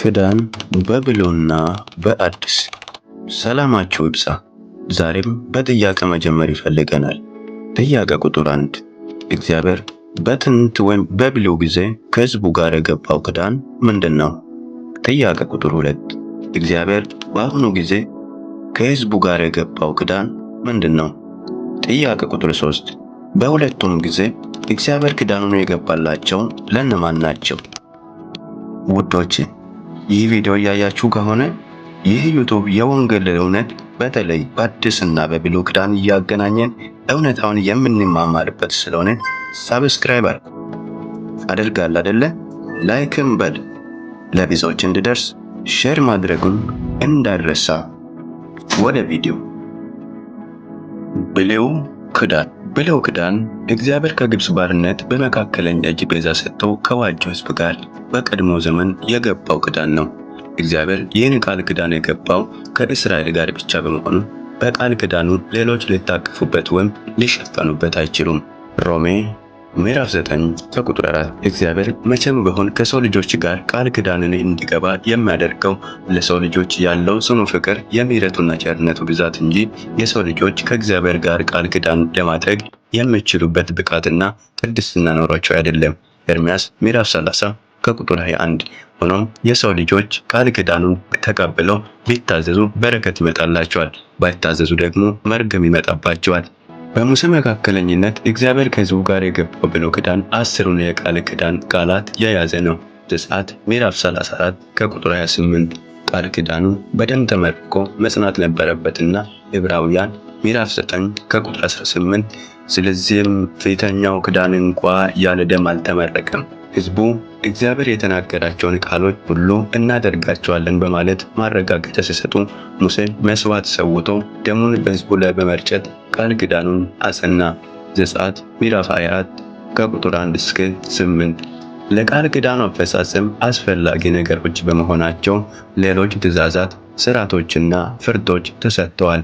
ክዳን በብሉይና በአዲስ ሰላማችሁ ይብዛ። ዛሬም በጥያቄ መጀመር ይፈልገናል። ጥያቄ ቁጥር አንድ እግዚአብሔር በጥንት ወይም በብሉይ ጊዜ ከህዝቡ ጋር የገባው ክዳን ምንድን ነው? ጥያቄ ቁጥር ሁለት እግዚአብሔር በአሁኑ ጊዜ ከህዝቡ ጋር የገባው ክዳን ምንድን ነው? ጥያቄ ቁጥር ሶስት በሁለቱም ጊዜ እግዚአብሔር ክዳኑን የገባላቸው ለነማን ናቸው? ውዶቼ ይህ ቪዲዮ እያያችሁ ከሆነ ይህ ዩቱብ የወንጌል እውነት በተለይ በአዲስና በብሉይ ኪዳን እያገናኘን እውነታውን የምንማማርበት ስለሆነ ሳብስክራይበር አድርጉ። አድርጋል አይደለ? ላይክም በል ለብዙዎች እንዲደርስ ሼር ማድረጉን እንዳረሳ። ወደ ቪዲዮ ብሉይ ኪዳን ብለው ክዳን እግዚአብሔር ከግብፅ ባርነት በመካከለኛ እጅ ቤዛ ሰጥቶ ከዋጀው ሕዝብ ጋር በቀድሞ ዘመን የገባው ክዳን ነው። እግዚአብሔር ይህን ቃል ክዳን የገባው ከእስራኤል ጋር ብቻ በመሆኑ በቃል ክዳኑ ሌሎች ሊታቀፉበት ወይም ሊሸፈኑበት አይችሉም። ሮሜ ምዕራፍ 9 ከቁጥር 4 እግዚአብሔር መቼም ቢሆን ከሰው ልጆች ጋር ቃል ክዳንን እንዲገባ የሚያደርገው ለሰው ልጆች ያለው ጽኑ ፍቅር የምሕረቱና ቸርነቱ ብዛት እንጂ የሰው ልጆች ከእግዚአብሔር ጋር ቃል ኪዳን ለማድረግ የሚችሉበት ብቃትና ቅድስና ኖሯቸው አይደለም። ኤርምያስ ምዕራፍ 30 ከቁጥር 21። ሆኖም የሰው ልጆች ቃል ኪዳኑን ተቀብለው ቢታዘዙ በረከት ይመጣላቸዋል፣ ባይታዘዙ ደግሞ መርገም ይመጣባቸዋል። በሙሴ መካከለኝነት እግዚአብሔር ከሕዝቡ ጋር የገባው ብሎ ክዳን አስሩን የቃል ክዳን ቃላት የያዘ ነው። ዘጸአት ምዕራፍ 34 ከቁጥር 28። ቃል ክዳኑ በደም ተመርቆ መጽናት ነበረበትና ዕብራውያን ምዕራፍ 9 ከቁጥር 18 ስለዚህም ፊተኛው ክዳን እንኳ ያለ ደም አልተመረቀም ሕዝቡ እግዚአብሔር የተናገራቸውን ቃሎች ሁሉ እናደርጋቸዋለን በማለት ማረጋገጫ ሲሰጡ ሙሴ መስዋዕት ሰውቶ ደሙን በሕዝቡ ላይ በመርጨት ቃል ኪዳኑን አጸና። ዘጸአት ምዕራፍ 24 ከቁጥር 1 እስከ 8። ለቃል ኪዳኑ አፈጻጸም አስፈላጊ ነገሮች በመሆናቸው ሌሎች ትእዛዛት፣ ስርዓቶችና ፍርዶች ተሰጥተዋል።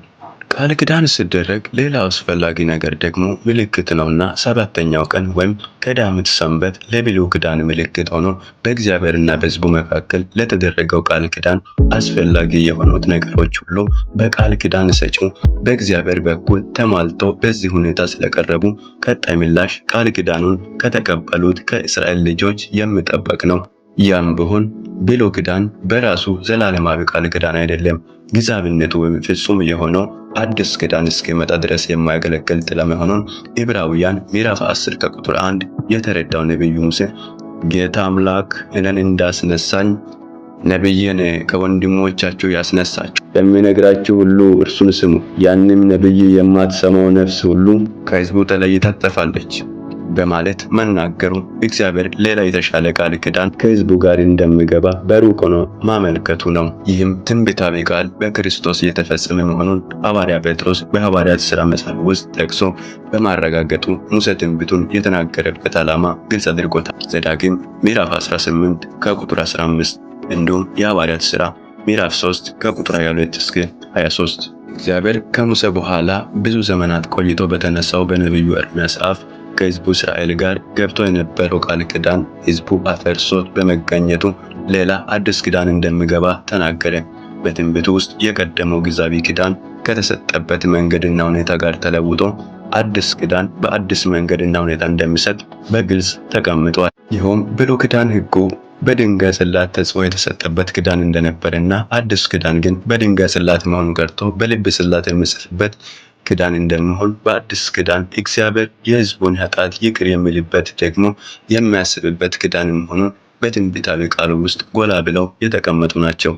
ቃል ስደረግ ሲደረግ ሌላው አስፈላጊ ነገር ደግሞ ምልክት ነውና ሰባተኛው ቀን ወይም ቀዳሚት ሰንበት ለብሉይ ክዳን ምልክት ሆኖ በእግዚአብሔርና በሕዝቡ መካከል ለተደረገው ቃል ክዳን አስፈላጊ የሆኑት ነገሮች ሁሉ በቃል ክዳን ሰጪው በእግዚአብሔር በኩል ተሟልቶ በዚህ ሁኔታ ስለቀረቡ ቀጣይ ምላሽ ቃል ክዳኑን ከተቀበሉት ከእስራኤል ልጆች የሚጠበቅ ነው። ያም ቢሆን ብሉይ ኪዳን በራሱ ዘላለማዊ ቃል ክዳን አይደለም። ግዛብነቱ ወይም ፍጹም የሆነው አዲስ ኪዳን እስኪመጣ ድረስ የማያገለግል ጥላ መሆኑን ዕብራውያን ምዕራፍ 10 ከቁጥር 1 የተረዳው ነቢዩ ሙሴ ጌታ አምላክ እኔን እንዳስነሳኝ ነብይን ከወንድሞቻችሁ ያስነሳችሁ በሚነግራችሁ ሁሉ እርሱን ስሙ። ያንም ነብይ የማትሰማው ነፍስ ሁሉ ከሕዝቡ ተለይታ ትጠፋለች። በማለት መናገሩ እግዚአብሔር ሌላ የተሻለ ቃል ኪዳን ከህዝቡ ጋር እንደሚገባ በሩቅ ሆኖ ማመልከቱ ነው። ይህም ትንቢታዊ ቃል በክርስቶስ የተፈጸመ መሆኑን ሐዋርያ ጴጥሮስ በሐዋርያት ሥራ መጽሐፍ ውስጥ ጠቅሶ በማረጋገጡ ሙሴ ትንቢቱን የተናገረበት ዓላማ ግልጽ አድርጎታል። ዘዳግም ምዕራፍ 18 ከቁጥር 15 እንዲሁም የሐዋርያት ሥራ ምዕራፍ 3 ከቁጥር 22 እስከ 23 እግዚአብሔር ከሙሴ በኋላ ብዙ ዘመናት ቆይቶ በተነሳው በነቢዩ ኤርምያስ አፍ ከህዝቡ እስራኤል ጋር ገብቶ የነበረው ቃል ኪዳን ህዝቡ አፈርሶት በመገኘቱ ሌላ አዲስ ኪዳን እንደሚገባ ተናገረ። በትንቢቱ ውስጥ የቀደመው ግዛቤ ኪዳን ከተሰጠበት መንገድና ሁኔታ ጋር ተለውጦ አዲስ ኪዳን በአዲስ መንገድና ሁኔታ እንደሚሰጥ በግልጽ ተቀምጧል። ይኸውም ብሉይ ኪዳን ህጉ በድንጋይ ጽላት ተጽፎ የተሰጠበት ኪዳን እንደነበረና አዲስ ኪዳን ግን በድንጋይ ጽላት መሆኑ ቀርቶ በልብ ጽላት የሚጽፍበት ክዳን እንደሚሆን በአዲስ ክዳን እግዚአብሔር የሕዝቡን ኃጢአት ይቅር የሚልበት ደግሞ የሚያስብበት ክዳን መሆኑን በትንቢታዊ ቃሉ ውስጥ ጎላ ብለው የተቀመጡ ናቸው።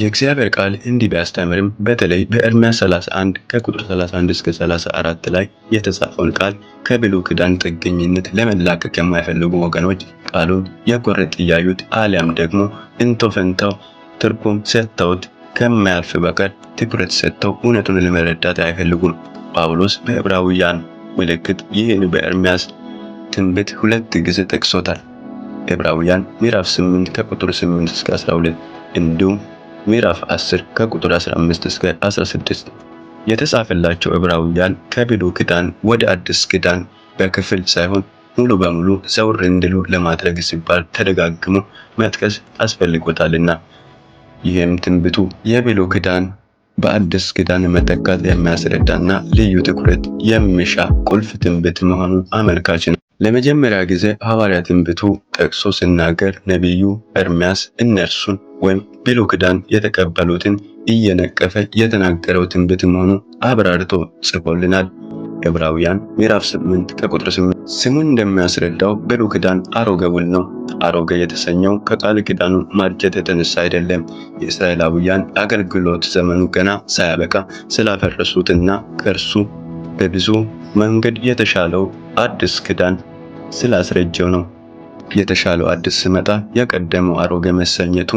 የእግዚአብሔር ቃል እንዲህ ቢያስተምርም በተለይ በኤርምያስ 31 ከቁጥር 31 እስከ 34 ላይ የተጻፈውን ቃል ከብሉ ክዳን ጥገኝነት ለመላቀቅ የማይፈልጉ ወገኖች ቃሉን የቆረጥ እያዩት አሊያም ደግሞ እንቶ ፈንተው ትርጉም ሰጥተውት ከማያልፍ በቀር ትኩረት ሰጥተው እውነቱን ለመረዳት አይፈልጉም። ጳውሎስ በዕብራውያን ምልክት ይህን በኤርምያስ ትንቢት ሁለት ጊዜ ጠቅሶታል። ዕብራውያን ምዕራፍ 8 ከቁጥር 8 እስከ 12 እንዲሁም ምዕራፍ 10 ከቁጥር 15 እስከ 16 የተጻፈላቸው ዕብራውያን ከብሉይ ኪዳን ወደ አዲስ ኪዳን በክፍል ሳይሆን ሙሉ በሙሉ ዘውር እንዲሉ ለማድረግ ሲባል ተደጋግሞ መጥቀስ አስፈልጎታልና ይህም ትንብቱ የብሉይ ክዳን በአዲስ ክዳን መተካት የሚያስረዳና ልዩ ትኩረት የሚሻ ቁልፍ ትንብት መሆኑን አመልካች ነው። ለመጀመሪያ ጊዜ ሐዋርያ ትንብቱ ጠቅሶ ሲናገር ነቢዩ ኤርምያስ እነርሱን ወይም ብሉይ ክዳን የተቀበሉትን እየነቀፈ የተናገረው ትንብት መሆኑ አብራርቶ ጽፎልናል። ዕብራውያን ምዕራፍ 8 ከቁጥር 8 ስሙን እንደሚያስረዳው ብሉይ ኪዳን አሮጌ ውል ነው። አሮጌ የተሰኘው ከቃል ኪዳኑ ማርጀት የተነሳ አይደለም። የእስራኤላውያን አገልግሎት ዘመኑ ገና ሳያበቃ ስላፈረሱትና ከእርሱ በብዙ መንገድ የተሻለው አዲስ ኪዳን ስላስረጀው ነው። የተሻለው አዲስ ሲመጣ የቀደመው አሮጌ መሰኘቱ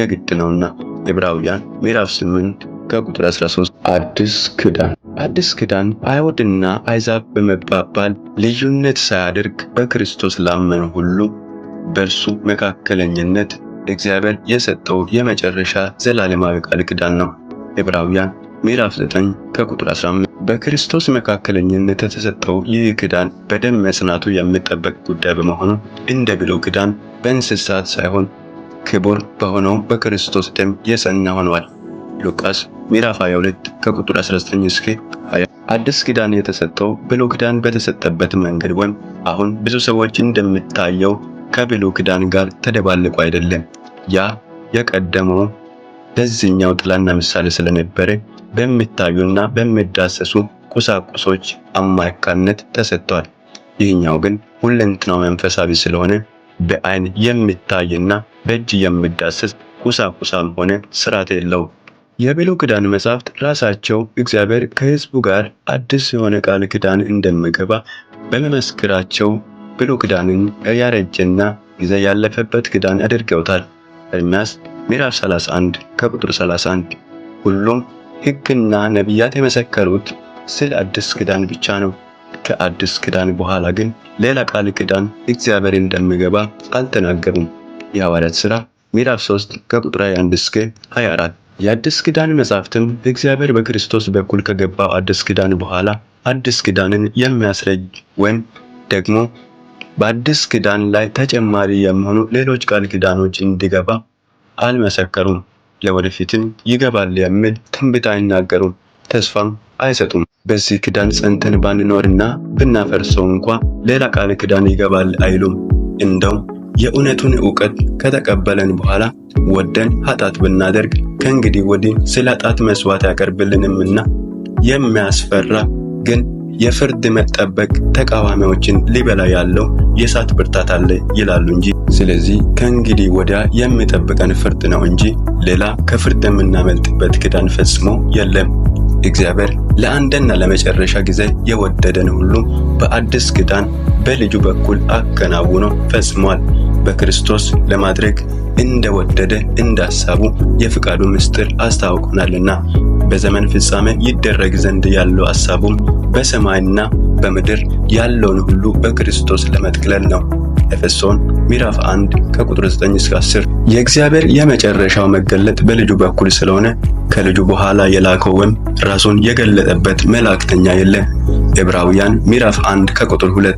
የግድ ነውና ዕብራውያን ምዕራፍ 8 ከቁጥር 13 አዲስ ክዳን አዲስ ክዳን አይሁድና አሕዛብ በመባባል ልዩነት ሳያደርግ በክርስቶስ ላመኑ ሁሉ በእርሱ መካከለኝነት እግዚአብሔር የሰጠው የመጨረሻ ዘላለማዊ ቃል ክዳን ነው። ዕብራውያን ምዕራፍ 9 ከቁጥር 15 በክርስቶስ መካከለኝነት የተሰጠው ይህ ክዳን በደም መጽናቱ የሚጠበቅ ጉዳይ በመሆኑ እንደ ብሉይ ክዳን በእንስሳት ሳይሆን ክቡር በሆነው በክርስቶስ ደም የጸና ሆኗል። ሉቃስ ምዕራፍ 22 ከቁጥር 19 እስከ 20። አዲስ ኪዳን የተሰጠው ብሉይ ኪዳን በተሰጠበት መንገድ ወይም አሁን ብዙ ሰዎች እንደምታየው ከብሉይ ኪዳን ጋር ተደባልቆ አይደለም። ያ የቀደመው ለዚህኛው ጥላና ምሳሌ ስለነበረ በሚታዩና በሚዳሰሱ ቁሳቁሶች አማካይነት ተሰጥቷል። ይህኛው ግን ሁለንተናው መንፈሳዊ ስለሆነ በአይን የሚታይና በእጅ የምዳስስ ቁሳቁሳም ሆነ ስርዓት የለው የብሉይ ኪዳን መጻሕፍት ራሳቸው እግዚአብሔር ከሕዝቡ ጋር አዲስ የሆነ ቃል ኪዳን እንደሚገባ በመመስክራቸው ብሉይ ኪዳንን ያረጀና ጊዜ ያለፈበት ኪዳን አድርገውታል። ኤርምያስ ምዕራፍ 31 ከቁጥር 31 ሁሉም ሕግና ነቢያት የመሰከሩት ስለ አዲስ ኪዳን ብቻ ነው። ከአዲስ ኪዳን በኋላ ግን ሌላ ቃል ኪዳን እግዚአብሔር እንደሚገባ አልተናገሩም። የሐዋርያት ሥራ ምዕራፍ 3 ከቁጥር 1 እስከ 24። የአዲስ ኪዳን መጻሕፍትም እግዚአብሔር በክርስቶስ በኩል ከገባው አዲስ ኪዳን በኋላ አዲስ ኪዳንን የሚያስረጅ ወይም ደግሞ በአዲስ ኪዳን ላይ ተጨማሪ የሚሆኑ ሌሎች ቃል ኪዳኖች እንዲገባ አልመሰከሩም። ለወደፊትም ይገባል የሚል ትንቢት አይናገሩም፣ ተስፋም አይሰጡም። በዚህ ኪዳን ጸንተን ባንኖርና ብናፈርሰው እንኳ ሌላ ቃል ኪዳን ይገባል አይሉም። እንደው የእውነቱን ዕውቀት ከተቀበለን በኋላ ወደን ኃጢአት ብናደርግ ከእንግዲህ ወዲህ ስለ ኃጢአት መስዋዕት ያቀርብልንምና የሚያስፈራ ግን የፍርድ መጠበቅ ተቃዋሚዎችን ሊበላ ያለው የእሳት ብርታት አለ ይላሉ እንጂ። ስለዚህ ከእንግዲህ ወዲያ የሚጠብቀን ፍርድ ነው እንጂ ሌላ ከፍርድ የምናመልጥበት ክዳን ፈጽሞ የለም። እግዚአብሔር ለአንድና ለመጨረሻ ጊዜ የወደደን ሁሉ በአዲስ ክዳን በልጁ በኩል አከናውኖ ፈጽሟል። በክርስቶስ ለማድረግ እንደወደደ እንዳሳቡ የፍቃዱ ምስጢር አስታውቆናልና በዘመን ፍጻሜ ይደረግ ዘንድ ያለው ሐሳቡም በሰማይና በምድር ያለውን ሁሉ በክርስቶስ ለመጥቅለል ነው። ኤፌሶን ምዕራፍ 1 ከቁጥር 9 እስከ 10። የእግዚአብሔር የመጨረሻው መገለጥ በልጁ በኩል ስለሆነ ከልጁ በኋላ የላከውም ራሱን የገለጠበት መልአክተኛ የለም። ዕብራውያን ምዕራፍ 1 ከቁጥር 2።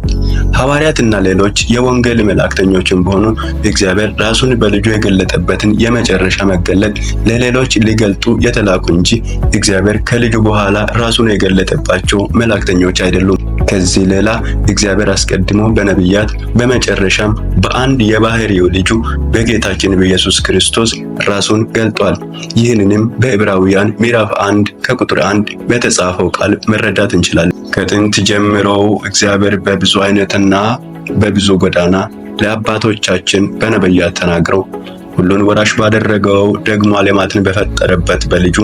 ሐዋርያትና ሌሎች የወንጌል መልእክተኞችን በሆኑ እግዚአብሔር ራሱን በልጁ የገለጠበትን የመጨረሻ መገለጥ ለሌሎች ሊገልጡ የተላኩ እንጂ እግዚአብሔር ከልጁ በኋላ ራሱን የገለጠባቸው መልእክተኞች አይደሉም። ከዚህ ሌላ እግዚአብሔር አስቀድሞ በነቢያት በመጨረሻም በአንድ የባህሪው ልጁ በጌታችን በኢየሱስ ክርስቶስ ራሱን ገልጧል። ይህንንም በዕብራውያን ምዕራፍ አንድ ከቁጥር አንድ በተጻፈው ቃል መረዳት እንችላለን። ከጥንት ጀምሮ እግዚአብሔር በብዙ አይነትና በብዙ ጎዳና ለአባቶቻችን በነቢያት ተናግረው ሁሉን ወራሽ ባደረገው ደግሞ ዓለማትን በፈጠረበት በልጁ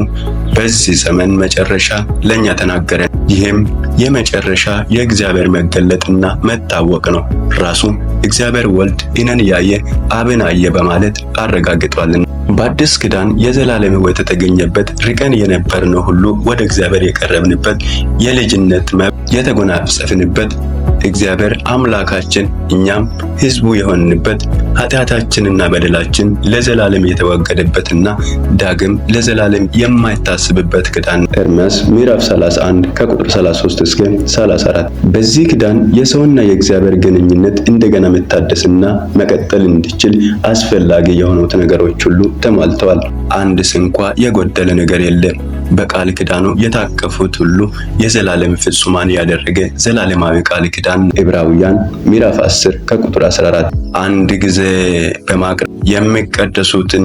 በዚህ ዘመን መጨረሻ ለእኛ ተናገረ። ይህም የመጨረሻ የእግዚአብሔር መገለጥና መታወቅ ነው። ራሱ እግዚአብሔር ወልድ እኔን ያየ አብን አየ በማለት አረጋግጧልና በአዲስ ኪዳን የዘላለም ሕይወት የተገኘበት ርቀን የነበርነው ሁሉ ወደ እግዚአብሔር የቀረብንበት የልጅነት መብት የተጎናጸፍንበት እግዚአብሔር አምላካችን እኛም ሕዝቡ የሆንንበት ኃጢአታችንና በደላችን ለዘላለም የተወገደበትና ዳግም ለዘላለም የማይታስብበት ክዳን ኤርምያስ ምዕራፍ 31 ከቁጥር 33 እስከ 34። በዚህ ክዳን የሰውና የእግዚአብሔር ግንኙነት እንደገና መታደስና መቀጠል እንዲችል አስፈላጊ የሆኑት ነገሮች ሁሉ ተሟልተዋል። አንድ ስንኳ የጎደለ ነገር የለም። በቃል ክዳኑ የታቀፉት ሁሉ የዘላለም ፍጹማን ያደረገ ዘላለማዊ ቃል ኪዳን። ዕብራውያን ምዕራፍ 10 ከቁጥር 14 አንድ ጊዜ በማቅረብ የሚቀደሱትን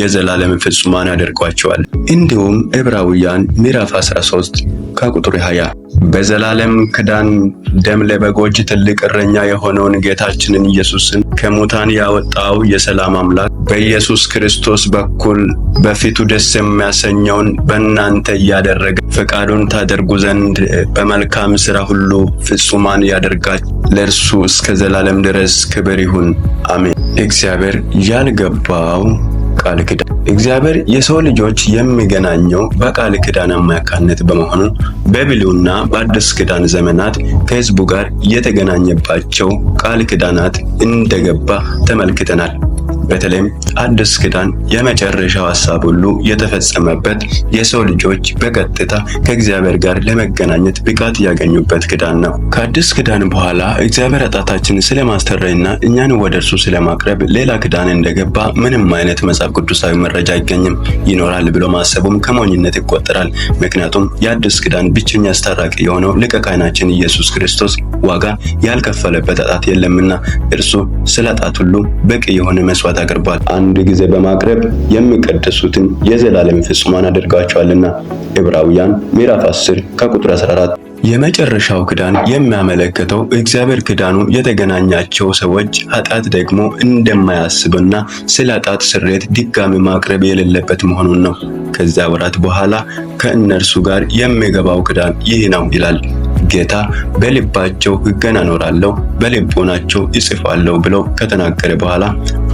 የዘላለም ፍጹማን ያደርጓቸዋል። እንዲሁም ዕብራውያን ምዕራፍ 13 ከቁጥር 20 በዘላለም ክዳን ደም ለበጎች ትልቅ እረኛ የሆነውን ጌታችንን ኢየሱስን ከሙታን ያወጣው የሰላም አምላክ በኢየሱስ ክርስቶስ በኩል በፊቱ ደስ የሚያሰኘውን በእናንተ እያደረገ ፈቃዱን ታደርጉ ዘንድ በመልካም ሥራ ሁሉ ፍጹማን ያደርጋች ለእርሱ እስከ ዘላለም ድረስ ክብር ይሁን፣ አሜን። እግዚአብሔር ያልገባው በቃል ኪዳን እግዚአብሔር የሰው ልጆች የሚገናኘው በቃል ኪዳን አማካኝነት በመሆኑ በብሉይና በአዲስ ኪዳን ዘመናት ከሕዝቡ ጋር የተገናኘባቸው ቃል ኪዳናት እንደገባ ተመልክተናል። በተለይም አዲስ ኪዳን የመጨረሻው ሐሳብ ሁሉ የተፈጸመበት የሰው ልጆች በቀጥታ ከእግዚአብሔር ጋር ለመገናኘት ብቃት ያገኙበት ኪዳን ነው። ከአዲስ ኪዳን በኋላ እግዚአብሔር ኃጢአታችንን ስለማስተሰርይና እኛን ወደ እርሱ ስለማቅረብ ሌላ ኪዳን እንደገባ ምንም አይነት መጽሐፍ ቅዱሳዊ መረጃ አይገኝም። ይኖራል ብሎ ማሰቡም ከሞኝነት ይቆጠራል። ምክንያቱም የአዲስ ኪዳን ብቸኛ አስታራቂ የሆነው ሊቀ ካህናችን ኢየሱስ ክርስቶስ ዋጋ ያልከፈለበት ኃጢአት የለምና እርሱ ስለ ኃጢአት ሁሉ በቂ የሆነ መስዋዕት መስዋዕት አቅርቧል። አንድ ጊዜ በማቅረብ የሚቀደሱትን የዘላለም ፍጹማን አድርጋቸዋልና ዕብራውያን ምዕራፍ 10 ከቁጥር 14። የመጨረሻው ክዳን የሚያመለክተው እግዚአብሔር ክዳኑ የተገናኛቸው ሰዎች ኃጢአት ደግሞ እንደማያስብና ስለ ኃጢአት ስሬት ድጋሚ ማቅረብ የሌለበት መሆኑን ነው። ከዚያ ወራት በኋላ ከእነርሱ ጋር የሚገባው ክዳን ይህ ነው ይላል ጌታ። በልባቸው ሕግን አኖራለሁ፣ በልቦናቸው ይጽፋለሁ ብለው ከተናገረ በኋላ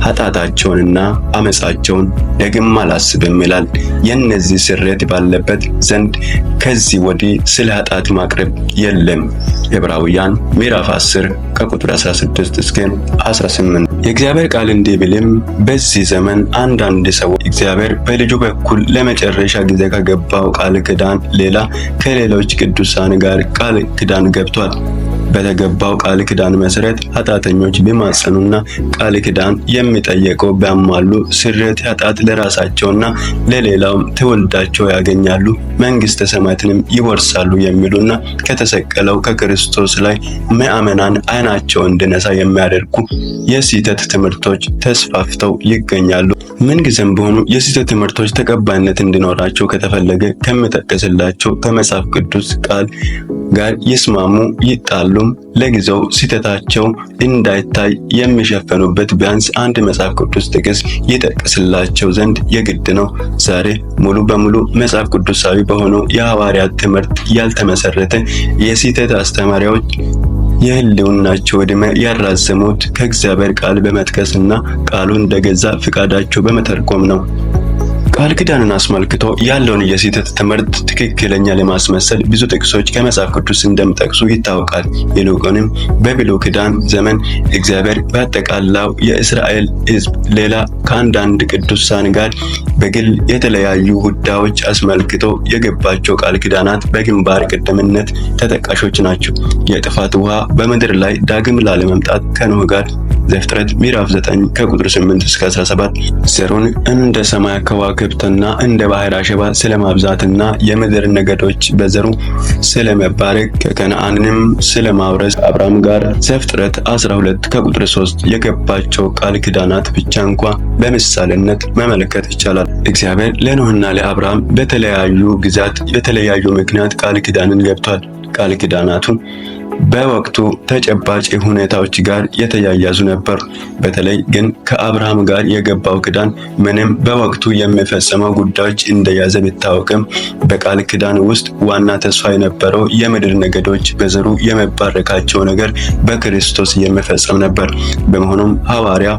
ኃጢአታቸውንና አመፃቸውን ደግም አላስብም ይላል። የእነዚህ ስሬት ባለበት ዘንድ ከዚህ ወዲህ ስለ ኃጢአት ማቅረብ የለም። ዕብራውያን ምዕራፍ 10 ከቁጥር 16 እስከ 18። የእግዚአብሔር ቃል እንዲህ ቢልም በዚህ ዘመን አንዳንድ ሰዎች እግዚአብሔር በልጁ በኩል ለመጨረሻ ጊዜ ከገባው ቃል ክዳን ሌላ ከሌሎች ቅዱሳን ጋር ቃል ክዳን ገብቷል። በተገባው ቃል ኪዳን መሰረት ኃጢአተኞች ቢማጸኑና ቃል ኪዳን የሚጠየቀው ቢያሟሉ ስርየተ ኃጢአት ለራሳቸውና ለሌላውም ትውልዳቸው ያገኛሉ፣ መንግስተ ሰማያትንም ይወርሳሉ የሚሉና ከተሰቀለው ከክርስቶስ ላይ ምዕመናን አይናቸው እንዲነሳ የሚያደርጉ የስህተት ትምህርቶች ተስፋፍተው ይገኛሉ። ምንጊዜም በሆኑ የስህተት ትምህርቶች ተቀባይነት እንዲኖራቸው ከተፈለገ ከሚጠቀስላቸው ከመጽሐፍ ቅዱስ ቃል ጋር ይስማሙ፣ ይጣሉ ሁሉም ለጊዜው ስህተታቸው እንዳይታይ የሚሸፈኑበት ቢያንስ አንድ መጽሐፍ ቅዱስ ጥቅስ ይጠቅስላቸው ዘንድ የግድ ነው። ዛሬ ሙሉ በሙሉ መጽሐፍ ቅዱሳዊ በሆነው የሐዋርያት ትምህርት ያልተመሰረተ የስህተት አስተማሪዎች የህልውናቸው ዕድሜ ያራዘሙት ከእግዚአብሔር ቃል በመጥቀስና ቃሉን እንደገዛ ፍቃዳቸው በመተርጎም ነው። ቃል ኪዳኑን አስመልክቶ ያለውን የስህተት ትምህርት ትክክለኛ ለማስመሰል ብዙ ጥቅሶች ከመጽሐፍ ቅዱስ እንደሚጠቅሱ ይታወቃል። ይልቁንም በብሉይ ኪዳን ዘመን እግዚአብሔር በአጠቃላው የእስራኤል ሕዝብ ሌላ ከአንዳንድ ቅዱሳን ጋር በግል የተለያዩ ጉዳዮች አስመልክቶ የገባቸው ቃል ኪዳናት በግንባር ቀደምትነት ተጠቃሾች ናቸው። የጥፋት ውሃ በምድር ላይ ዳግም ላለመምጣት ከኖህ ጋር ዘፍጥረት ምዕራፍ 9 ከቁጥር 8 እስከ 17 ዘሩን እንደ ሰማይ ከዋክብትና እንደ ባህር አሸባ ስለማብዛትና የምድር ነገዶች በዘሩ ስለመባረክ ከከነአንንም ስለማውረስ አብርሃም ጋር ዘፍጥረት 12 ከቁጥር 3 የገባቸው ቃል ኪዳናት ብቻ እንኳ በምሳሌነት መመለከት ይቻላል። እግዚአብሔር ለኖህና ለአብርሃም በተለያዩ ግዛት በተለያዩ ምክንያት ቃል ክዳንን ገብቷል። ቃል ኪዳናቱን በወቅቱ ተጨባጭ ሁኔታዎች ጋር የተያያዙ ነበር። በተለይ ግን ከአብርሃም ጋር የገባው ክዳን ምንም በወቅቱ የሚፈጸመው ጉዳዮች እንደያዘ ቢታወቅም በቃል ክዳን ውስጥ ዋና ተስፋ የነበረው የምድር ነገዶች በዘሩ የመባረካቸው ነገር በክርስቶስ የሚፈጸም ነበር። በመሆኑም ሐዋርያ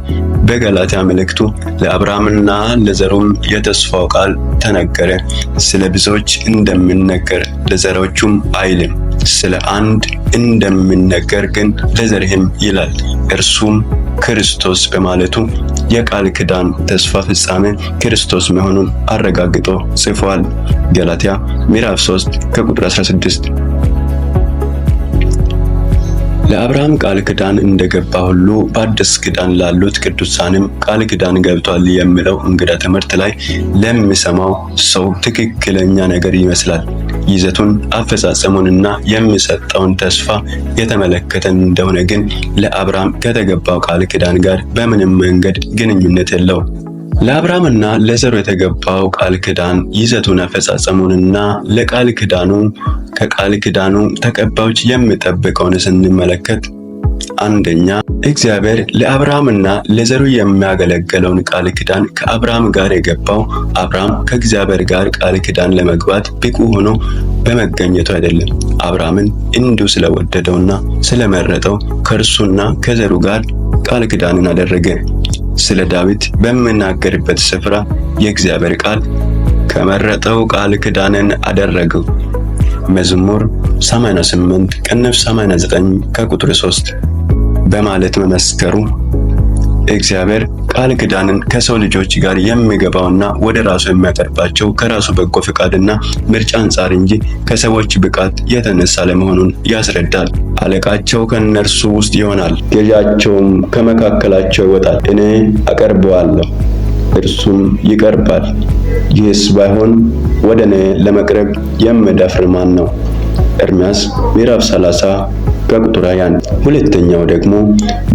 በገላትያ መልእክቱ ለአብርሃምና ለዘሩም የተስፋው ቃል ተነገረ፣ ስለ ብዙዎች እንደሚነገር ለዘሮቹም አይልም ስለ አንድ እንደሚነገር ግን ለዘርህም ይላል እርሱም ክርስቶስ በማለቱ የቃል ክዳን ተስፋ ፍጻሜ ክርስቶስ መሆኑን አረጋግጦ ጽፏል። ገላትያ ምዕራፍ 3 ከቁጥር 16 ለአብርሃም ቃል ኪዳን እንደገባ ሁሉ በአዲስ ኪዳን ላሉት ቅዱሳንም ቃል ኪዳን ገብቷል የሚለው እንግዳ ትምህርት ላይ ለሚሰማው ሰው ትክክለኛ ነገር ይመስላል። ይዘቱን አፈጻጸሙንና የሚሰጠውን ተስፋ የተመለከተ እንደሆነ ግን ለአብርሃም ከተገባው ቃል ኪዳን ጋር በምንም መንገድ ግንኙነት የለውም። ለአብርሃምና ለዘሩ የተገባው ቃል ኪዳን ይዘቱን አፈጻጸሙንና ለቃል ኪዳኑ ከቃል ኪዳኑ ተቀባዮች የሚጠብቀውን ስንመለከት አንደኛ እግዚአብሔር ለአብርሃምና ለዘሩ የሚያገለግለውን ቃል ኪዳን ከአብርሃም ጋር የገባው አብርሃም ከእግዚአብሔር ጋር ቃል ኪዳን ለመግባት ብቁ ሆኖ በመገኘቱ አይደለም። አብርሃምን እንዲሁ ስለወደደውና ስለመረጠው ከእርሱና ከዘሩ ጋር ቃል ኪዳንን አደረገ። ስለ ዳዊት በምናገርበት ስፍራ የእግዚአብሔር ቃል ከመረጠው ቃል ኪዳንን አደረገው። መዝሙር 88 ቅንፍ 89 ከቁጥር 3 በማለት መመስከሩ እግዚአብሔር ቃል ኪዳንን ከሰው ልጆች ጋር የሚገባውና ወደ ራሱ የሚያቀርባቸው ከራሱ በጎ ፍቃድና ምርጫ አንጻር እንጂ ከሰዎች ብቃት የተነሳ ለመሆኑን ያስረዳል። አለቃቸው ከእነርሱ ውስጥ ይሆናል፣ ገዣቸውም ከመካከላቸው ይወጣል። እኔ አቀርበዋለሁ፣ እርሱም ይቀርባል። ይህስ ባይሆን ወደ እኔ ለመቅረብ የሚደፍር ማን ነው? ኤርምያስ ምዕራፍ 30 ከቁጥር ሁለተኛው ደግሞ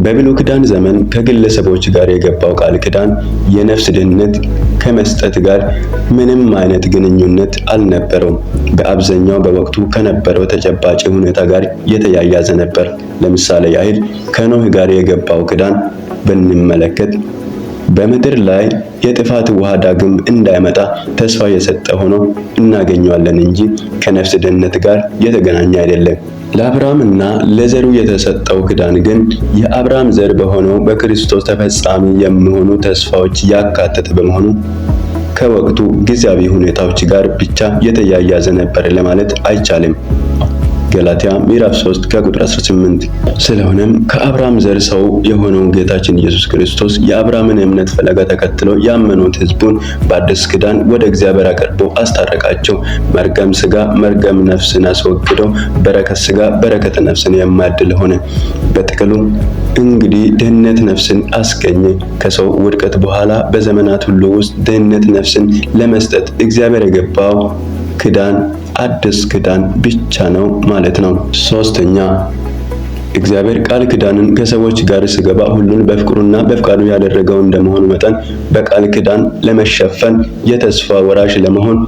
በብሉይ ኪዳን ዘመን ከግለሰቦች ጋር የገባው ቃል ኪዳን የነፍስ ድህነት ከመስጠት ጋር ምንም አይነት ግንኙነት አልነበረውም። በአብዛኛው በወቅቱ ከነበረው ተጨባጭ ሁኔታ ጋር የተያያዘ ነበር። ለምሳሌ ያህል ከኖህ ጋር የገባው ኪዳን ብንመለከት በምድር ላይ የጥፋት ውሃ ዳግም እንዳይመጣ ተስፋ የሰጠ ሆኖ እናገኘዋለን እንጂ ከነፍስ ደህንነት ጋር የተገናኘ አይደለም። ለአብርሃምና ለዘሩ የተሰጠው ክዳን ግን የአብርሃም ዘር በሆነው በክርስቶስ ተፈጻሚ የሚሆኑ ተስፋዎች ያካተተ በመሆኑ ከወቅቱ ጊዜያዊ ሁኔታዎች ጋር ብቻ የተያያዘ ነበር ለማለት አይቻልም። ገላትያ ምዕራፍ 3 ከቁጥር 18። ስለሆነም ከአብርሃም ዘር ሰው የሆነውን ጌታችን ኢየሱስ ክርስቶስ የአብርሃምን እምነት ፈለጋ ተከትለው ያመኑት ህዝቡን በአዲስ ክዳን ወደ እግዚአብሔር አቅርቦ አስታረቃቸው። መርገም ስጋ መርገም ነፍስን አስወግደው በረከት ስጋ በረከት ነፍስን የማድል ሆነ። በጥቅሉ እንግዲህ ድህነት ነፍስን አስገኘ። ከሰው ውድቀት በኋላ በዘመናት ሁሉ ውስጥ ድህነት ነፍስን ለመስጠት እግዚአብሔር የገባው ክዳን። አዲስ ክዳን ብቻ ነው ማለት ነው። ሶስተኛ እግዚአብሔር ቃል ክዳንን ከሰዎች ጋር ሲገባ ሁሉን በፍቅሩና በፍቃዱ ያደረገው እንደመሆኑ መጠን በቃል ክዳን ለመሸፈን የተስፋ ወራሽ ለመሆን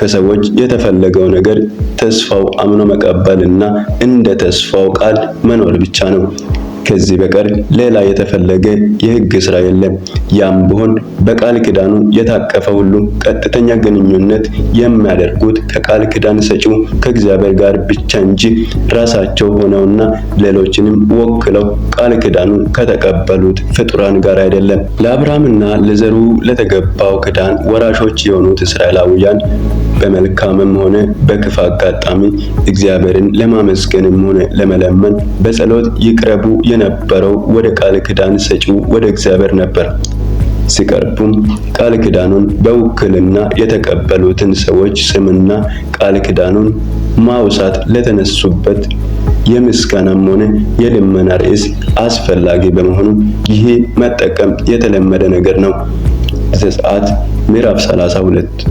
ከሰዎች የተፈለገው ነገር ተስፋው አምኖ መቀበልና እንደ ተስፋው ቃል መኖር ብቻ ነው። ከዚህ በቀር ሌላ የተፈለገ የህግ ስራ የለም። ያም ቢሆን በቃል ኪዳኑ የታቀፈ ሁሉ ቀጥተኛ ግንኙነት የሚያደርጉት ከቃል ኪዳን ሰጪው ከእግዚአብሔር ጋር ብቻ እንጂ ራሳቸው ሆነውና ሌሎችንም ወክለው ቃል ኪዳኑ ከተቀበሉት ፍጡራን ጋር አይደለም። ለአብርሃምና ለዘሩ ለተገባው ክዳን ወራሾች የሆኑት እስራኤላውያን በመልካምም ሆነ በክፉ አጋጣሚ እግዚአብሔርን ለማመስገንም ሆነ ለመለመን በጸሎት ይቅረቡ የነበረው ወደ ቃል ኪዳን ሰጪው ወደ እግዚአብሔር ነበር። ሲቀርቡም ቃል ኪዳኑን በውክልና የተቀበሉትን ሰዎች ስምና ቃል ኪዳኑን ማውሳት ለተነሱበት የምስጋናም ሆነ የልመና ርዕስ አስፈላጊ በመሆኑ ይሄ መጠቀም የተለመደ ነገር ነው። ዘጸአት ምዕራፍ 32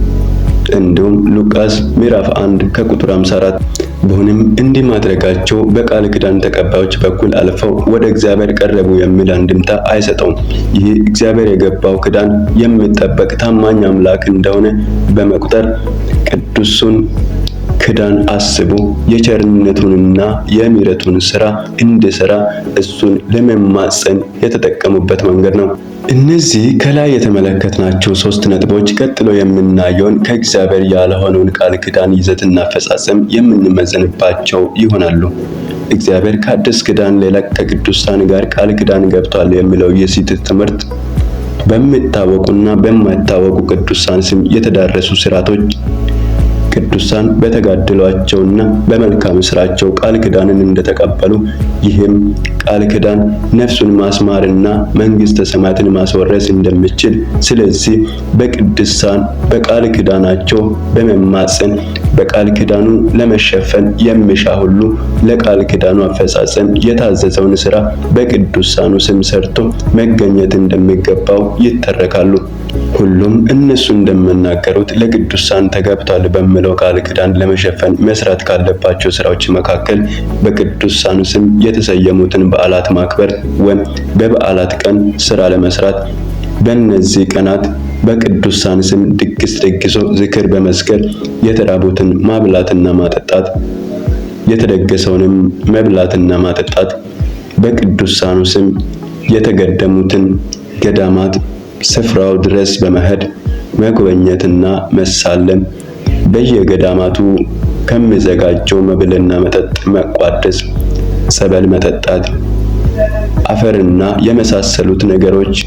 እንዲሁም ሉቃስ ምዕራፍ 1 ከቁጥር 54 ቢሆንም እንዲህ ማድረጋቸው በቃል ኪዳን ተቀባዮች በኩል አልፈው ወደ እግዚአብሔር ቀረቡ የሚል አንድምታ አይሰጠውም። ይህ እግዚአብሔር የገባው ኪዳን የሚጠበቅ ታማኝ አምላክ እንደሆነ በመቁጠር ቅዱሱን ክዳን አስቦ የቸርነቱንና የምሕረቱን እንደ ስራ እሱን ለመማፀን የተጠቀሙበት መንገድ ነው። እነዚህ ከላይ የተመለከትናቸው ሶስት ነጥቦች ቀጥሎ የምናየውን ከእግዚአብሔር ያልሆነውን ቃል ክዳን ይዘትና አፈጻጸም የምንመዘንባቸው ይሆናሉ። እግዚአብሔር ከአዲስ ክዳን ሌላ ከቅዱሳን ጋር ቃል ክዳን ገብቷል የሚለው የሲትት ትምህርት በሚታወቁና በማይታወቁ ቅዱሳን ስም የተዳረሱ ስርዓቶች ቅዱሳን በተጋድሏቸውና በመልካም ስራቸው ቃል ኪዳንን እንደተቀበሉ ይህም ቃል ኪዳን ነፍሱን ማስማርና መንግስተ ሰማያትን ማስወረስ እንደሚችል፣ ስለዚህ በቅዱሳን በቃል ኪዳናቸው በመማፀን በቃል ኪዳኑ ለመሸፈን የሚሻ ሁሉ ለቃል ኪዳኑ አፈጻጸም የታዘዘውን ስራ በቅዱሳኑ ስም ሰርቶ መገኘት እንደሚገባው ይተረካሉ። ሁሉም እነሱ እንደምናገሩት ለቅዱሳን ተገብቷል በሚለው ቃል ኪዳን ለመሸፈን መስራት ካለባቸው ስራዎች መካከል በቅዱሳን ስም የተሰየሙትን በዓላት ማክበር ወይም በበዓላት ቀን ስራ ለመስራት በእነዚህ ቀናት በቅዱሳን ስም ድግስ ደግሶ ዝክር በመስገድ የተራቡትን ማብላትና ማጠጣት የተደገሰውንም መብላትና ማጠጣት በቅዱሳኑ ስም የተገደሙትን ገዳማት ስፍራው ድረስ በመሄድ መጎብኘትና መሳለም በየገዳማቱ ከሚዘጋጀው መብልና መጠጥ መቋደስ፣ ጸበል መጠጣት፣ አፈርና የመሳሰሉት ነገሮች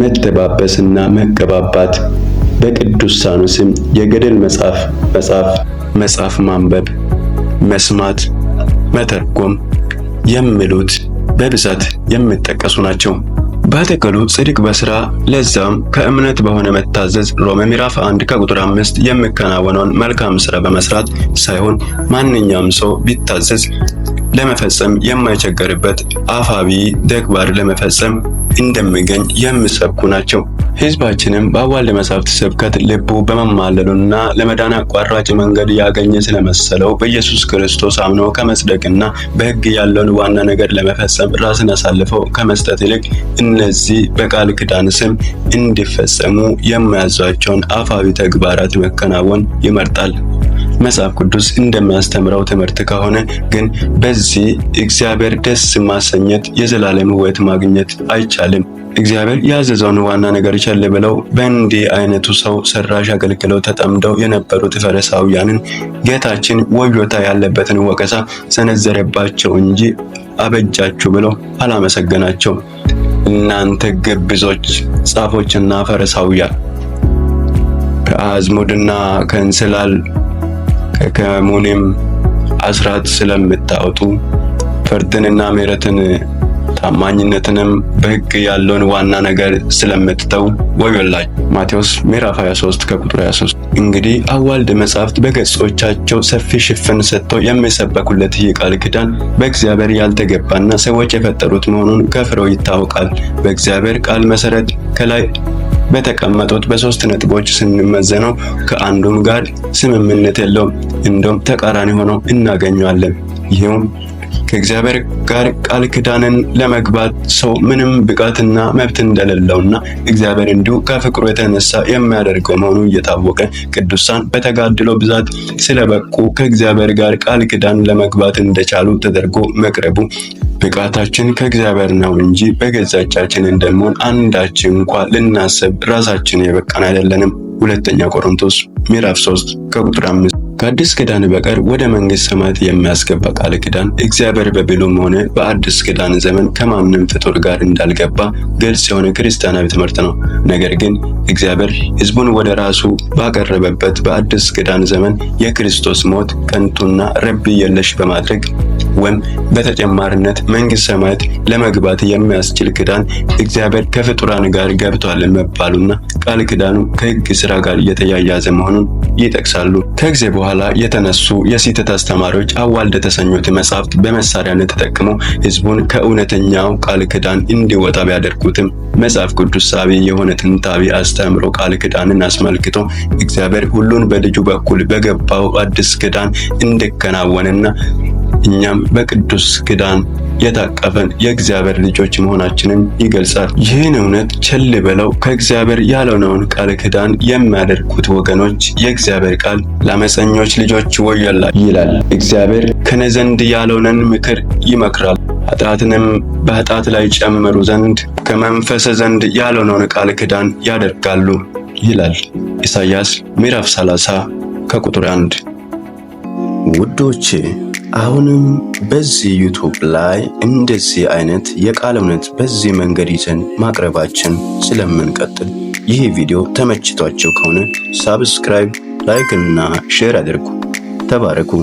መተባበስና መቀባባት፣ በቅዱሳኑ ስም የገድል መጽሐፍ መጻፍ መጽሐፍ ማንበብ፣ መስማት፣ መተርጎም የሚሉት በብዛት የሚጠቀሱ ናቸው። በጥቅሉ ጽድቅ በስራ ለዛም ከእምነት በሆነ መታዘዝ ሮሜ ምዕራፍ 1 ከቁጥር 5 የሚከናወነውን መልካም ስራ በመስራት ሳይሆን ማንኛውም ሰው ቢታዘዝ ለመፈጸም የማይቸገርበት አፋቢ ተግባር ለመፈጸም እንደሚገኝ የሚሰብኩ ናቸው። ህዝባችንም በአዋልደ መጻሕፍት ስብከት ልቡ በመማለሉና ለመዳን አቋራጭ መንገድ ያገኘ ስለመሰለው በኢየሱስ ክርስቶስ አምኖ ከመጽደቅና በሕግ ያለውን ዋና ነገር ለመፈጸም ራስን አሳልፈው ከመስጠት ይልቅ እነዚህ በቃል ክዳን ስም እንዲፈጸሙ የማያዟቸውን አፋዊ ተግባራት መከናወን ይመርጣል። መጽሐፍ ቅዱስ እንደሚያስተምረው ትምህርት ከሆነ ግን በዚህ እግዚአብሔር ደስ ማሰኘት፣ የዘላለም ሕይወት ማግኘት አይቻልም። እግዚአብሔር ያዘዘውን ዋና ነገር ቸል ብለው በእንዲህ አይነቱ ሰው ሰራሽ አገልግለው ተጠምደው የነበሩት ፈሪሳውያንን ጌታችን ወዮታ ያለበትን ወቀሳ ሰነዘረባቸው እንጂ አበጃችሁ ብሎ አላመሰገናቸው። እናንተ ግብዞች፣ ጻፎችና ፈሪሳውያን ከአዝሙድና ከእንስላል ከከሙንም አስራት ስለምታወጡ ፍርድንና ምሕረትን ታማኝነትንም በሕግ ያለውን ዋና ነገር ስለምትተው ወዮላችሁ። ማቴዎስ ምዕራፍ 23 ከቁጥር 23። እንግዲህ አዋልድ መጻሕፍት በገጾቻቸው ሰፊ ሽፍን ሰጥተው የሚሰበኩለት ይህ ቃል ኪዳን በእግዚአብሔር ያልተገባና ሰዎች የፈጠሩት መሆኑን ከፍረው ይታወቃል። በእግዚአብሔር ቃል መሰረት ከላይ በተቀመጡት በሶስት ነጥቦች ስንመዘነው ከአንዱም ጋር ስምምነት የለውም፣ እንደውም ተቃራኒ ሆኖ እናገኘዋለን። ይህም ከእግዚአብሔር ጋር ቃል ኪዳንን ለመግባት ሰው ምንም ብቃትና መብት እንደሌለውና እግዚአብሔር እንዲሁ ከፍቅሩ የተነሳ የሚያደርገው መሆኑ እየታወቀ ቅዱሳን በተጋድሎ ብዛት ስለበቁ ከእግዚአብሔር ጋር ቃል ኪዳን ለመግባት እንደቻሉ ተደርጎ መቅረቡ ብቃታችን ከእግዚአብሔር ነው እንጂ በገዛቻችን እንደምሆን አንዳችን እንኳ ልናስብ ራሳችን የበቃን አይደለንም። ሁለተኛ ቆሮንቶስ ምዕራፍ 3 ከቁጥር 5 ከአዲስ ኪዳን በቀር ወደ መንግስት ሰማያት የሚያስገባ ቃል ኪዳን እግዚአብሔር በብሉይም ሆነ በአዲስ ኪዳን ዘመን ከማንም ፍጡር ጋር እንዳልገባ ግልጽ የሆነ ክርስቲያናዊ ትምህርት ነው። ነገር ግን እግዚአብሔር ህዝቡን ወደ ራሱ ባቀረበበት በአዲስ ኪዳን ዘመን የክርስቶስ ሞት ከንቱና ረቢ የለሽ በማድረግ ወይም በተጨማሪነት መንግስት ሰማያት ለመግባት የሚያስችል ክዳን እግዚአብሔር ከፍጡራን ጋር ገብቷል መባሉና ቃል ክዳኑ ከህግ ስራ ጋር የተያያዘ መሆኑን ይጠቅሳሉ። ከጊዜ በኋላ የተነሱ የስህተት አስተማሪዎች አዋልድ የተሰኙት መጻሕፍት በመሳሪያነት ተጠቅመው ህዝቡን ከእውነተኛው ቃል ክዳን እንዲወጣ ቢያደርጉትም መጽሐፍ ቅዱስ ሳቢ የሆነ ትንታቢ አስተምሮ ቃል ክዳንን አስመልክቶ እግዚአብሔር ሁሉን በልጁ በኩል በገባው አዲስ ክዳን እንዲከናወንና እኛም በቅዱስ ክዳን የታቀፈን የእግዚአብሔር ልጆች መሆናችንን ይገልጻል። ይህን እውነት ቸል ብለው ከእግዚአብሔር ያልሆነውን ቃል ክዳን የሚያደርጉት ወገኖች የእግዚአብሔር ቃል ለአመፀኞች ልጆች ወዮላ ይላል። እግዚአብሔር ከነ ዘንድ ያልሆነን ምክር ይመክራል፣ ኃጢአትንም በኃጢአት ላይ ጨምሩ ዘንድ ከመንፈሰ ዘንድ ያልሆነውን ቃል ክዳን ያደርጋሉ ይላል። ኢሳይያስ ምዕራፍ 30 ከቁጥር 1 ውዶቼ አሁንም በዚህ ዩቱብ ላይ እንደዚህ አይነት የቃል እውነት በዚህ መንገድ ይዘን ማቅረባችን ስለምንቀጥል ይህ ቪዲዮ ተመችቷቸው ከሆነ ሳብስክራይብ፣ ላይክ እና ሼር አድርጉ። ተባረኩ።